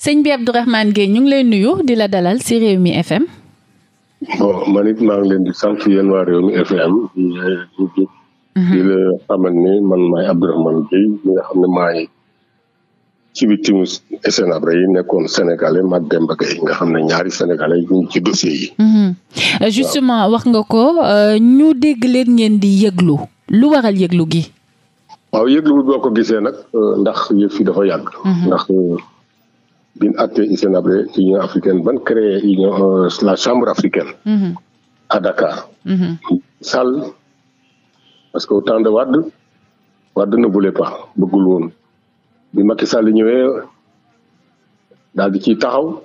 sëñ bi Abdourahmane Gueye ñu ngi lay nuyu di la dalal ci mi FM. bon ma it maa ngi leen di sant yéen waa Rewmi FM di mhm. ni man maay Abdourahmane Gueye mi nga xam ne maay ci victime SNAP yi nekkoon sénégalais mag Demba Gueye nga xam ne ñaari sénégalais ñu ngi ci dossier yi. Mhm. justement wax nga ko euh, ñu dégg leen ngeen di yëglu lu waral yëglu gi. waaw yëglu bi boo ko gisee nag euh, ndax yëf yi dafa yàgg. Mhm. ndax euh, bi ñu acté ISENABRE union africaine ban créé euh, la chambre africaine. Mm-hmm. à Dakar. Mm-hmm. Sall parce que au temps de Wade Wade ne voulait bi Macky Sall ñëwee daal di ci taxaw.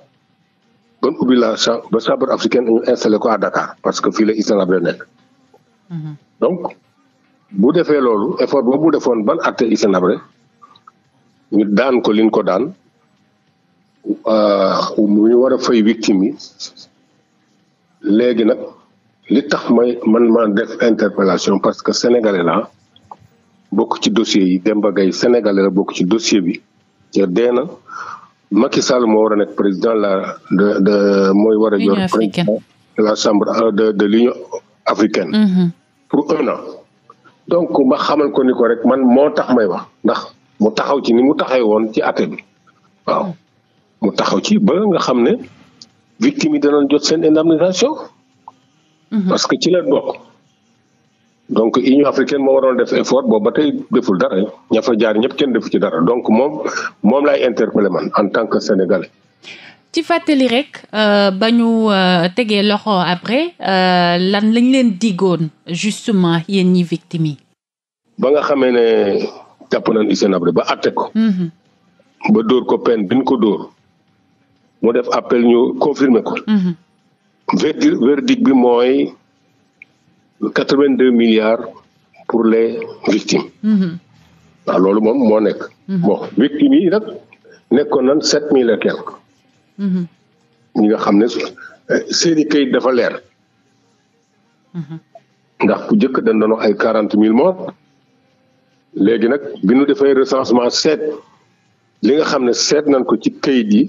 kon ubbi la chambre africaine ñu ko à Dakar parce que fii la ISENABRE nekk. Mm-hmm. donc bu defee loolu effort boobu bu defoon ban acté ISENABRE ñu daan ko ko daan. Euh, mu ñu war a fay victime yi léegi nag li tax may man ma def interpellation parce que sénégalais la bokk ci dossier yi Demba Gaye sénégalais bokk ci dossier bi te dee na Macky Sall moo war a nekk président la de de mooy war a yor président la chambre euh, de l'Union africaine mm-hmm. pour un an donc ma xamal ko ni ko rek man moo tax may wax ndax mu taxaw ci ni mu taxawee woon ci àtte bi waaw mu taxaw ci ba nga xam ne victime yi danañ jot seen indemnisation. Mhm. parce que ci la bokk. donc Union africaine moo waroon def effort boobu ba tey deful dara ña fa jaar ñëpp kenn defu ci dara donc moom moom laay interpellé man en tant que sénégalais. ci fàttali rek euh, ba ñu euh, tegee loxo après euh, lan lañ leen diggoon justement yéen ñi victime yi. ba nga xamee ne jàpp nañ Hissène Habré ba àtte ko. Mhm. ba dóor ko peine bi ko dóor. mu def appel ñu confirmer ko. Mhm. verdict bi mooy quatre vingt deux milliards pour les victimes. Mhm. waaw loolu moom moo nekk. Mhm. bon victimes yi nag nekkoon nañ sept mille et quelque. ñi nga xam ne eh, seeni kayit dafa leer. ndax ku jëkk dañ doon ay quarante mille morts. léegi nag bi ñu defee recensement seet li nga xam ne seet nañ ko ci kayit yi.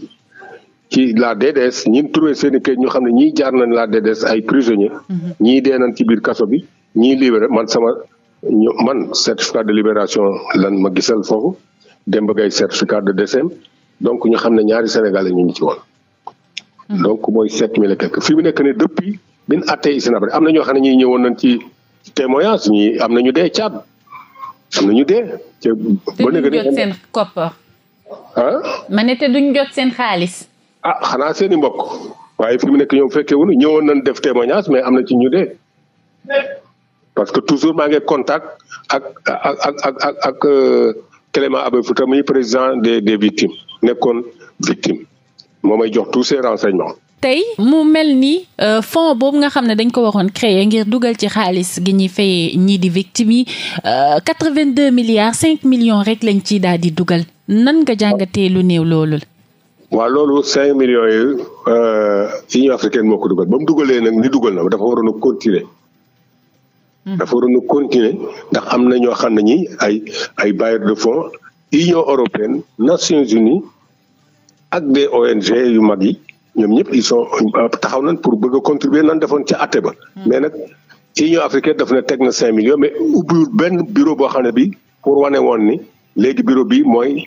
ci la DDS ñi trouvé seen i kayit ñu xam ne ñii jaar nañ la DDS ay prisonniers. Mhm. ñii dee nañ ci biir kaso bi ñii libéré man sama ñu man certificat de libération lan ma gisal foofu Demba Gaye certificat de décès donc ñu xam ne ñaari sénégalais ñu ngi ci woon. Mhm. donc mooy set mille et quelque fi mu nekk ne depuis bin àttee Hissène Habré am na ñoo xam ne ñii ñëwoon nañ ci témoignage ñii am na ñu dee caab am na ñu dee. te boo nekk nii jot seen koppar. ah. ma ne te duñ jot seen xaalis. ah xanaa seen i mbokk waaye fi mu nekk ñoom fekkee wuñu ñëwoon nañ def témoignage mais am na ci ñu dee parce que toujours maa ngi contact ak ak ak ak ak ak euh, Clément Abé Fouta président des des victimes nekkoon victime moo may jox tous ces renseignements. tey mu mel nii euh, fonds boobu nga xam ne dañ ko waxoon créer ngir dugal ci xaalis gi ñuy fay ñii di victimes yi euh, 82 milliards 5 millions rek lañ ciy daal di dugal nan nga jàngatee lu néew loolu. waaw loolu cinq millions euh, yi Union africaine moo ko dugal ba mu dugalee nag ni dugal na dafa waroon a continuer hmm. dafa waroon a continuer ndax am na ñoo xam ne ñi ay ay bailleurs de fonds Union européenne Nations unies ak de ONG yu mag yi ñoom ñëpp ils sont euh, taxaw nan pour bëgg a contribuer nan defoon ci àtte ba hmm. mais nag Union africaine daf na teg na cinq millions mais ubbiwul benn bureau boo xam ne bi pour wane woon ni léegi bureau bi mooy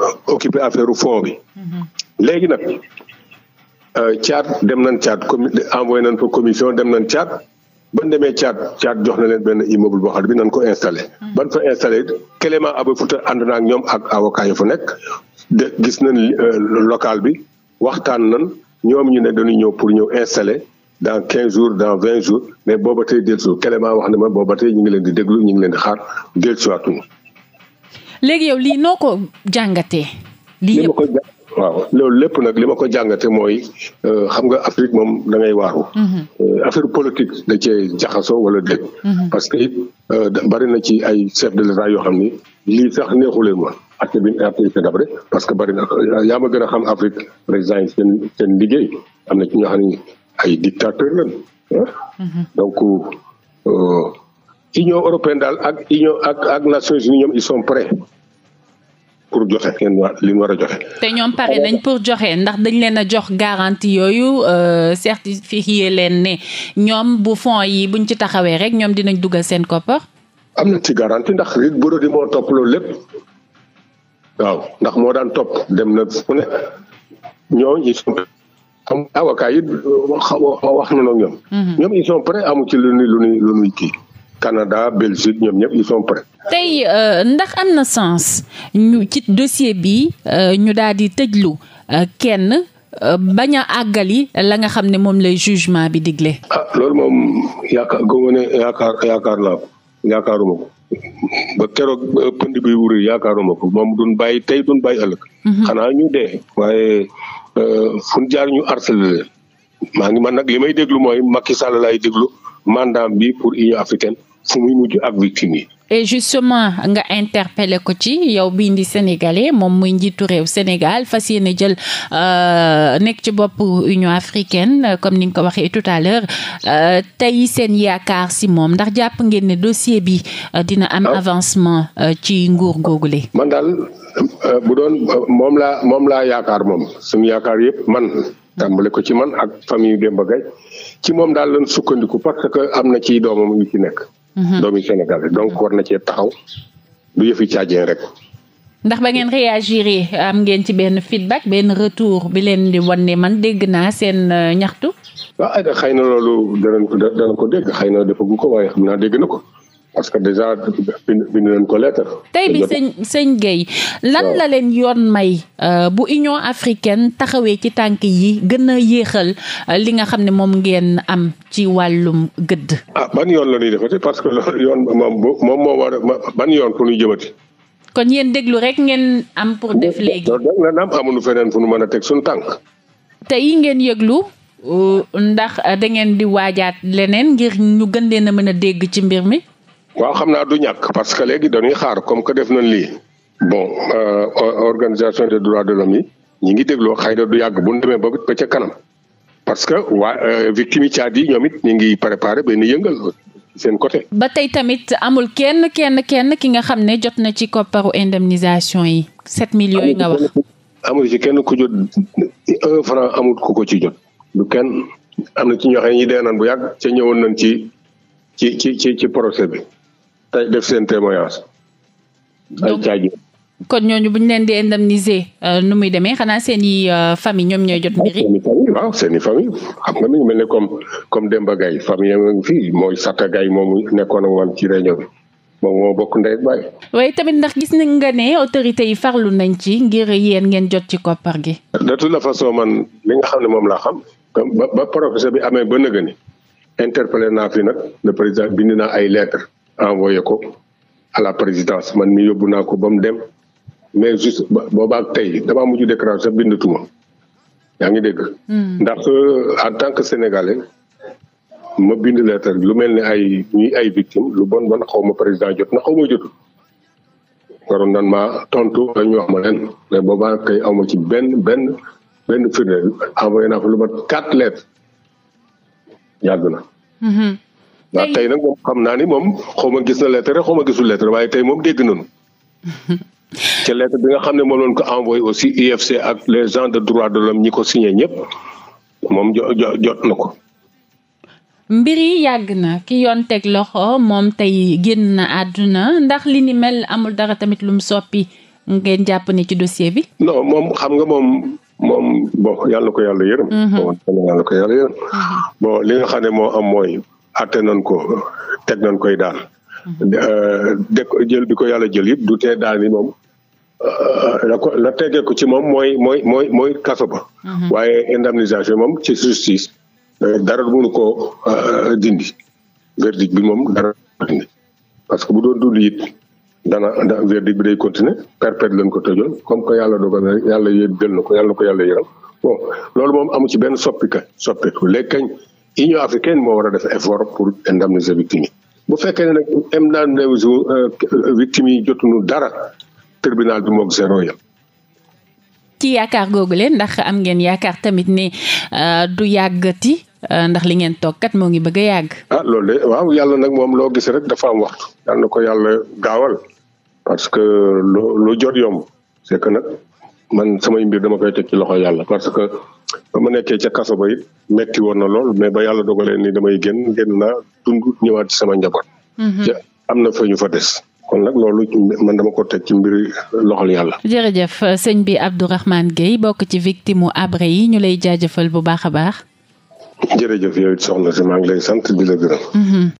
Euh, occupé affaire fond bi. léegi nag euh, Tchad dem nan Tchad comi envoyé nañ fa commission dem nañ Tchad ban demee Tchad Tchad jox na leen benn immeuble boo xam bi nañ ko installé. Hmm. ban fa installé Clément Abdou Fouta ànd na ak ñoom ak avocat yu fa nekk de gis nañ euh, local bi waxtaan nañ ñoom ñu ne dañuy ñëw pour ñëw installé. dans quinze jours dans vingt jours mais booba tey dellu wax ne ma booba tey ñu ngi leen di déglu ñu ngi leen di xaar dellu léegi yow lii noo ko jàngatee. lii yëpp waaw loolu lépp nag li ma ko jàngate mooy euh, xam nga Afrique moom da ngay waaru. Mhm. Euh, affaire politique da cee jaxasoo wala dégg. Mhm. parce que it euh, bari na ci ay chef de l'État yoo xam ni li sax neexuleen ma a bi acte bi parce que bari na yaa ma gën a xam Afrique président yi seen seen liggéey am na ci ñoo xam ay dictateur lañ ah. mhm. donc. union européenne daal ak union ak ak nations ñoom ils sont prêts pour joxe kenn wa war a joxe. te ñoom pare nañ pour joxe ndax dañ leen a jox garantie yooyu euh, certifié leen ne ñoom bu fonds yi buñ ci taxawee rek ñoom dinañ duggal seen koppar. am na ci garanti ndax li Burundi moo topp loolu lépp waaw ndax moo daan topp dem na fu ne ñoom. Mm-hmm. ñoom ils sont amu ci lu ni lu ni kii. Canada Belgique ñoom ñëpp ils sont prêts. tey euh, ndax am na sens ñu ci dossier bi euh, ñu daal di tëjlu euh, kenn baña a àggali la nga xam ne moom lay jugement bi digle. ah loolu moom yaakaar gëmoo ne yaakaar yaakaar ko yaakaaruma ko ba keroog pënd bi wuri yaakaaruma ko moom duñ bàyyi tey duñ bàyyi ëllëg. Mhm. xanaa ñu dee. waaye fu jaar ñu harcelé leen maa ngi ma nag li may déglu mooy Macky Sall laay déglu. mandat bi pour Union africaine fu muy mujj ak victime yi. justement nga interpellé ko ci yow bii ndi sénégalais moom muy njiitu réew Sénégal fas yéene jël euh, nekk ci bopp Union africaine comme ni nga ko waxee tout à l'heure euh, tey seen yaakaar si moom ndax jàpp ngeen ne dossier bi euh, dina am ah. avancement ci nguur googule man daal bu doon moom la moom laa yaakaar moom suñu yëpp man tàmbale ko ci man ak famille Demba Gaye ci moom daal lañ sukkandiku parce que am na ci doomam yu ci nekk. Mhm. doomi Sénégal donc war na cee taxaw du yëfi caajee rek. ndax ba ngeen réagir am ngeen ci benn feedback benn retour bi leen di wan ne man dégg naa seen euh, ñaxtu. waaw ah, xëy na loolu danañ ko danañ ko dégg xëy na dafa gu ko waaye xam naa dégg na ko. parce que déjà bind nañ ko lettre. tey bi sëñ sëñ lan la leen yoon may euh, bu Union africaine taxawee ci tànk yi gën a yéexal euh, li nga xam ne moom ngeen am ci wàllum gëdd. ah ban yoon la ñuy defati parce que yoon moom moom moo war ban yoon kon yéen déglu rek ngeen am pour def léegi. loolu ñu mën a teg suñu tànk. tey ngeen yéglu euh, ndax da ngeen di waajaat leneen ngir ñu gën leen a mën a dégg ci mbir mi. waaw xam naa du ñàkk parce que léegi dañuy xaar comme que def na lii bon euh, organisation des droits de l'homme yi ñi ngi dégloo xëy na du yàgg bu ñu demee ba ca kanam parce que waa euh, victime yi caat yi ñoom it ñu ngi préparé benn yëngal seen côté. ba tey tamit amul kenn kenn kenn ki nga xam ne jot na ci kopparu indemnisation yi. sept millions yi nga wax amul ci kenn ku jot un franc amul ku ko ci jot. du kenn am na ci ñoo xam ñi dee nañ bu yàgg ca ñëwoon nañ ci ci ci ci ci procès bi. tey def seen témoignage. ay caaji. kon ñooñu buñ leen di indemniser euh, nu muy demee xanaa seen i euh, famille ñoom ñooy jot mbiri ah, waaw seen i xam nga mi mel ne comme comme Demba Gaye famille am ngi fii mooy Sata Gaye moomu nekkoon ak man ci réunion bi moom moo bokk ndey baay. waaye tamit ndax gis nañ nga ne autorités yi farlu nañ ci ngir yéen ngeen jot ci koppar gi. de toute la façon man li nga xam ne moom la xam ba professeur bi amee ba nëgëni interpellé naa fi nag le président bind naa ay lettres. envoyé ko à la présidence man mi yóbbu naa ko ba mu dem mais juste boobaak tey damaa mujj déclaré sax bindatuma yaa ngi dégg. Hmm. ndax euh, en tant que sénégalais ma bind lettre lu mel ne ay ay victime lu bon bon xaw ma président jot na xaw ma jotul. waroon nan ma tontu la ñu wax ma leen mais boobaa kay aw ma ci benn benn benn firnde envoyé naa fa lu mat quatre lettres yàgg na. Hmm. waaw tey nag moom xam naa ni moom xaw ma gis na lettre rek xaw a gisul lettre waaye tey moom dégg nañu. ci lettre bi nga xam ne moom lañ ko envoyé aussi UFC ak les gens de droit de l'homme ñi ko signé ñëpp moom jo jot na ko. mbir yi yàgg na ki yoon teg loxo moom tey génn na àdduna ndax li ni mel amul dara tamit lum mu soppi ngeen jàpp ne ci dossier bi. non moom xam nga moom moom bon yàlla ko yàlla yërëm. Mhm. Mhm. bon li nga xam ne moo am mooy. atte nañ ko teg nañ koy daan mhm. euh, de jël ko yàlla jël yëpp du tee daan yi moom euh, la ko la tegee ko ci moom mooy mooy mooy mooy kaso ba mhm. waaye indemnisation moom ci justice euh, dara mënu ko dindi verdict bi moom dara dindi parce que bu doon dund it dana verdict bi day continuer perpète lañ ko tëjoon comme que yàlla dogal yàlla yëddal na ko yàlla ko yàlla yëram moom amu ci benn soppika soppiku léegi kañ i Union africaine moo war a def effort pour indemniser victimes yi bu fekkee ne nag indemniser euh, euh, victimes yi jotuñu dara tribunal bi moog zéro yam ci yaakaar googu leen ndax am ngeen yaakaar tamit ne euh, du yàggati ndax li ngeen toog kat moo ngi bëgg a yàgg. ah loolu de waaw yàlla nag moom loo gis rek dafa am waxtu yàlla ko yàlla gaawal parce que lu lu jot yomb c'est que nag man samay mbir dama koy teg ci loxo yàlla parce que. ba ma nekkee ca kaso ba it metti woon na lool mais ba yàlla dogalee ni damay génn génn naa dund ñëwaat sama njaboot. ca mhm. am na fa ñu fa des. kon nag loolu man dama ko teg ci mbiri loxol yàlla. jërëjëf sëñ bi Abdourahmane Gueye bokk ci victimu Habré yi ñu lay jaajëfal bu baax a baax. jërëjëf yow it soxna si maa ngi lay sant di la gërëm. Mhm.